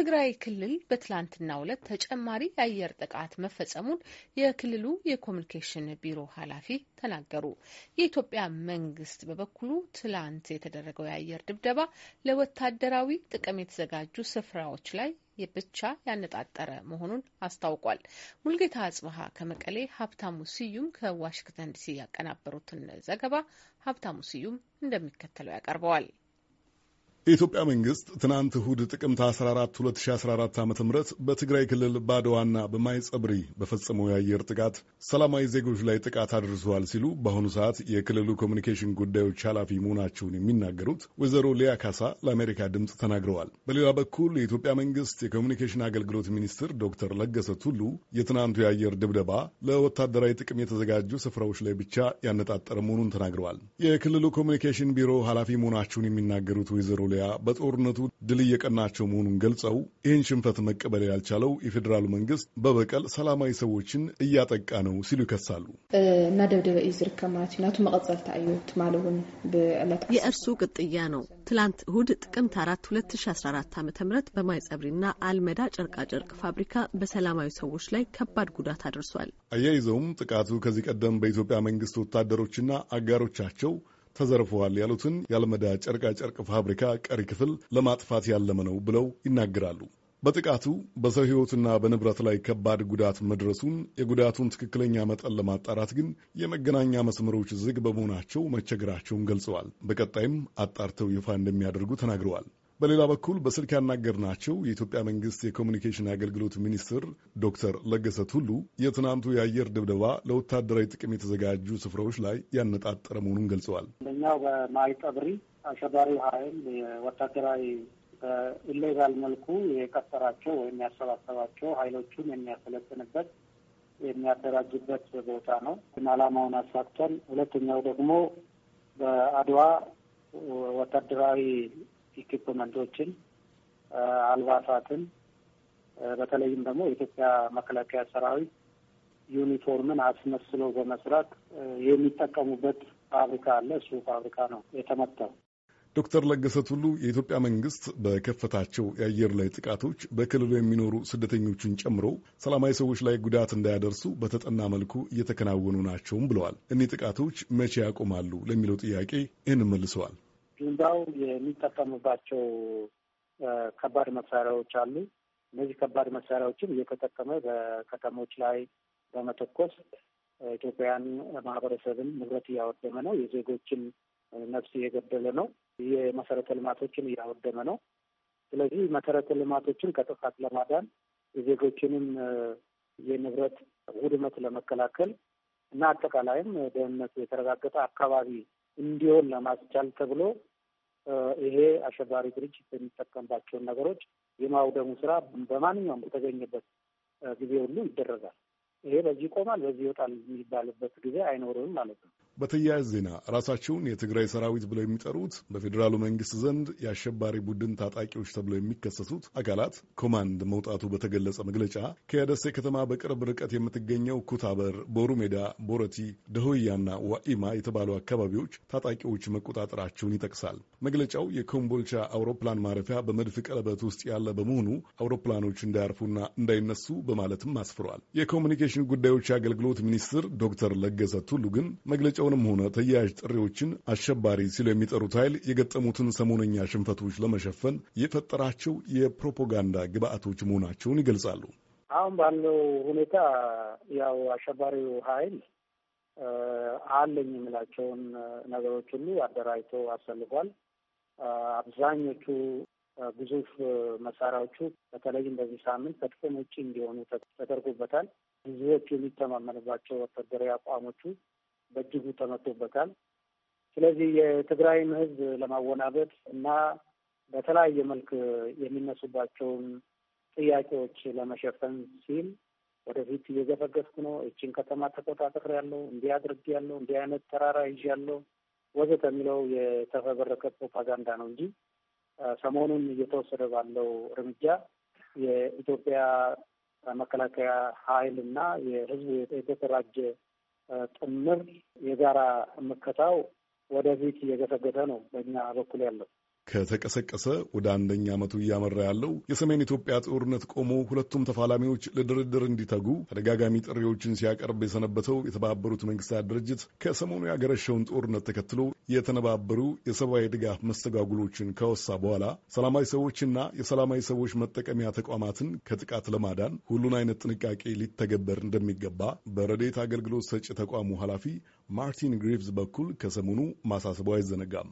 በትግራይ ክልል በትላንትናው ዕለት ተጨማሪ የአየር ጥቃት መፈጸሙን የክልሉ የኮሚኒኬሽን ቢሮ ኃላፊ ተናገሩ። የኢትዮጵያ መንግስት በበኩሉ ትላንት የተደረገው የአየር ድብደባ ለወታደራዊ ጥቅም የተዘጋጁ ስፍራዎች ላይ ብቻ ያነጣጠረ መሆኑን አስታውቋል። ሙልጌታ አጽብሃ ከመቀሌ፣ ሀብታሙ ስዩም ከዋሽንግተን ዲሲ ያቀናበሩትን ዘገባ ሀብታሙ ስዩም እንደሚከተለው ያቀርበዋል። የኢትዮጵያ መንግስት ትናንት እሁድ ጥቅምት 14 2014 ዓ ም በትግራይ ክልል ባድዋና በማይጸብሪ በፈጸመው የአየር ጥቃት ሰላማዊ ዜጎች ላይ ጥቃት አድርሰዋል ሲሉ በአሁኑ ሰዓት የክልሉ ኮሚኒኬሽን ጉዳዮች ኃላፊ መሆናቸውን የሚናገሩት ወይዘሮ ሊያ ካሳ ለአሜሪካ ድምፅ ተናግረዋል። በሌላ በኩል የኢትዮጵያ መንግስት የኮሚኒኬሽን አገልግሎት ሚኒስትር ዶክተር ለገሰ ቱሉ የትናንቱ የአየር ድብደባ ለወታደራዊ ጥቅም የተዘጋጁ ስፍራዎች ላይ ብቻ ያነጣጠረ መሆኑን ተናግረዋል። የክልሉ ኮሚኒኬሽን ቢሮ ኃላፊ መሆናቸውን የሚናገሩት ወይዘሮ ሶማሊያ በጦርነቱ ድል እየቀናቸው መሆኑን ገልጸው ይህን ሽንፈት መቀበል ያልቻለው የፌዴራሉ መንግስት በበቀል ሰላማዊ ሰዎችን እያጠቃ ነው ሲሉ ይከሳሉ። እናደብደበ እዩ ዝርከብ ማለት እዩ ናቱ መቀፀልታ እዩ ትማል ብዕለት የእርሱ ቅጥያ ነው። ትላንት እሁድ ጥቅምት አራት 2014 ዓ ም በማይጸብሪና አልመዳ ጨርቃጨርቅ ፋብሪካ በሰላማዊ ሰዎች ላይ ከባድ ጉዳት አድርሷል። አያይዘውም ጥቃቱ ከዚህ ቀደም በኢትዮጵያ መንግስት ወታደሮችና አጋሮቻቸው ተዘርፈዋል ያሉትን የአልመዳ ጨርቃጨርቅ ፋብሪካ ቀሪ ክፍል ለማጥፋት ያለመ ነው ብለው ይናገራሉ። በጥቃቱ በሰው ሕይወትና በንብረት ላይ ከባድ ጉዳት መድረሱን፣ የጉዳቱን ትክክለኛ መጠን ለማጣራት ግን የመገናኛ መስመሮች ዝግ በመሆናቸው መቸገራቸውን ገልጸዋል። በቀጣይም አጣርተው ይፋ እንደሚያደርጉ ተናግረዋል። በሌላ በኩል በስልክ ያናገርናቸው የኢትዮጵያ መንግስት የኮሚኒኬሽን አገልግሎት ሚኒስትር ዶክተር ለገሰ ቱሉ የትናንቱ የአየር ድብደባ ለወታደራዊ ጥቅም የተዘጋጁ ስፍራዎች ላይ ያነጣጠረ መሆኑን ገልጸዋል። አንደኛው በማይጠብሪ አሸባሪው ኃይል ወታደራዊ በኢሌጋል መልኩ የቀጠራቸው ወይም ያሰባሰባቸው ኃይሎቹን የሚያሰለጥንበት የሚያደራጅበት ቦታ ነው። ዓላማውን አሳክቷል። ሁለተኛው ደግሞ በአድዋ ወታደራዊ ኢኩፕመንቶችን፣ አልባሳትን በተለይም ደግሞ የኢትዮጵያ መከላከያ ሰራዊት ዩኒፎርምን አስመስሎ በመስራት የሚጠቀሙበት ፋብሪካ አለ። እሱ ፋብሪካ ነው የተመታው። ዶክተር ለገሰ ቱሉ የኢትዮጵያ መንግስት በከፈታቸው የአየር ላይ ጥቃቶች በክልሉ የሚኖሩ ስደተኞችን ጨምሮ ሰላማዊ ሰዎች ላይ ጉዳት እንዳያደርሱ በተጠና መልኩ እየተከናወኑ ናቸውም ብለዋል። እኒህ ጥቃቶች መቼ ያቆማሉ ለሚለው ጥያቄ ይህን መልሰዋል። ጁንታው የሚጠቀምባቸው ከባድ መሳሪያዎች አሉ። እነዚህ ከባድ መሳሪያዎችን እየተጠቀመ በከተሞች ላይ በመተኮስ ኢትዮጵያን ማህበረሰብን ንብረት እያወደመ ነው። የዜጎችን ነፍስ እየገደለ ነው። የመሰረተ ልማቶችን እያወደመ ነው። ስለዚህ መሰረተ ልማቶችን ከጥፋት ለማዳን የዜጎችንም የንብረት ውድመት ለመከላከል እና አጠቃላይም ደህንነቱ የተረጋገጠ አካባቢ እንዲሆን ለማስቻል ተብሎ ይሄ አሸባሪ ድርጅት የሚጠቀምባቸውን ነገሮች የማውደሙ ስራ በማንኛውም በተገኘበት ጊዜ ሁሉ ይደረጋል። ይሄ በዚህ ይቆማል፣ በዚህ ይወጣል የሚባልበት ጊዜ አይኖርም ማለት ነው። በተያያዝ ዜና ራሳቸውን የትግራይ ሰራዊት ብለው የሚጠሩት በፌዴራሉ መንግስት ዘንድ የአሸባሪ ቡድን ታጣቂዎች ተብለው የሚከሰሱት አካላት ኮማንድ መውጣቱ በተገለጸ መግለጫ ከደሴ ከተማ በቅርብ ርቀት የምትገኘው ኩታበር፣ ቦሩሜዳ፣ ቦረቲ፣ ደሆያና ዋኢማ የተባሉ አካባቢዎች ታጣቂዎች መቆጣጠራቸውን ይጠቅሳል። መግለጫው የኮምቦልቻ አውሮፕላን ማረፊያ በመድፍ ቀለበት ውስጥ ያለ በመሆኑ አውሮፕላኖች እንዳያርፉና እንዳይነሱ በማለትም አስፍሯል። የኮሚኒኬሽን ጉዳዮች አገልግሎት ሚኒስትር ዶክተር ለገሰ ቱሉ ግን መግለጫው አመፃውንም ሆነ ተያያዥ ጥሪዎችን አሸባሪ ሲሉ የሚጠሩት ኃይል የገጠሙትን ሰሞነኛ ሽንፈቶች ለመሸፈን የፈጠራቸው የፕሮፓጋንዳ ግብአቶች መሆናቸውን ይገልጻሉ። አሁን ባለው ሁኔታ ያው አሸባሪው ኃይል አለኝ የሚላቸውን ነገሮች ሁሉ አደራጅቶ አሰልፏል። አብዛኞቹ ግዙፍ መሳሪያዎቹ በተለይም በዚህ ሳምንት ከጥቅም ውጭ እንዲሆኑ ተደርጎበታል። ብዙዎቹ የሚተማመንባቸው ወታደራዊ አቋሞቹ በእጅጉ ተመቶበታል። ስለዚህ የትግራይን ህዝብ ለማወናበድ እና በተለያየ መልክ የሚነሱባቸውን ጥያቄዎች ለመሸፈን ሲል ወደፊት እየገፈገፍኩ ነው፣ እችን ከተማ ተቆጣጠር ያለው እንዲህ አድርግ ያለው እንዲህ አይነት ተራራ ይዥ ያለው ወዘተ የሚለው የተፈበረከ ፕሮፓጋንዳ ነው እንጂ ሰሞኑን እየተወሰደ ባለው እርምጃ የኢትዮጵያ መከላከያ ኃይል እና የህዝቡ የተደራጀ ጥምር የጋራ ምከታው ወደፊት እየገሰገሰ ነው በእኛ በኩል ያለው ከተቀሰቀሰ ወደ አንደኛ ዓመቱ እያመራ ያለው የሰሜን ኢትዮጵያ ጦርነት ቆሞ ሁለቱም ተፋላሚዎች ለድርድር እንዲተጉ ተደጋጋሚ ጥሪዎችን ሲያቀርብ የሰነበተው የተባበሩት መንግስታት ድርጅት ከሰሞኑ ያገረሸውን ጦርነት ተከትሎ የተነባበሩ የሰብአዊ ድጋፍ መስተጓጉሎችን ከወሳ በኋላ ሰላማዊ ሰዎችና የሰላማዊ ሰዎች መጠቀሚያ ተቋማትን ከጥቃት ለማዳን ሁሉን አይነት ጥንቃቄ ሊተገበር እንደሚገባ በረዴት አገልግሎት ሰጪ ተቋሙ ኃላፊ ማርቲን ግሪቭዝ በኩል ከሰሞኑ ማሳሰቡ አይዘነጋም።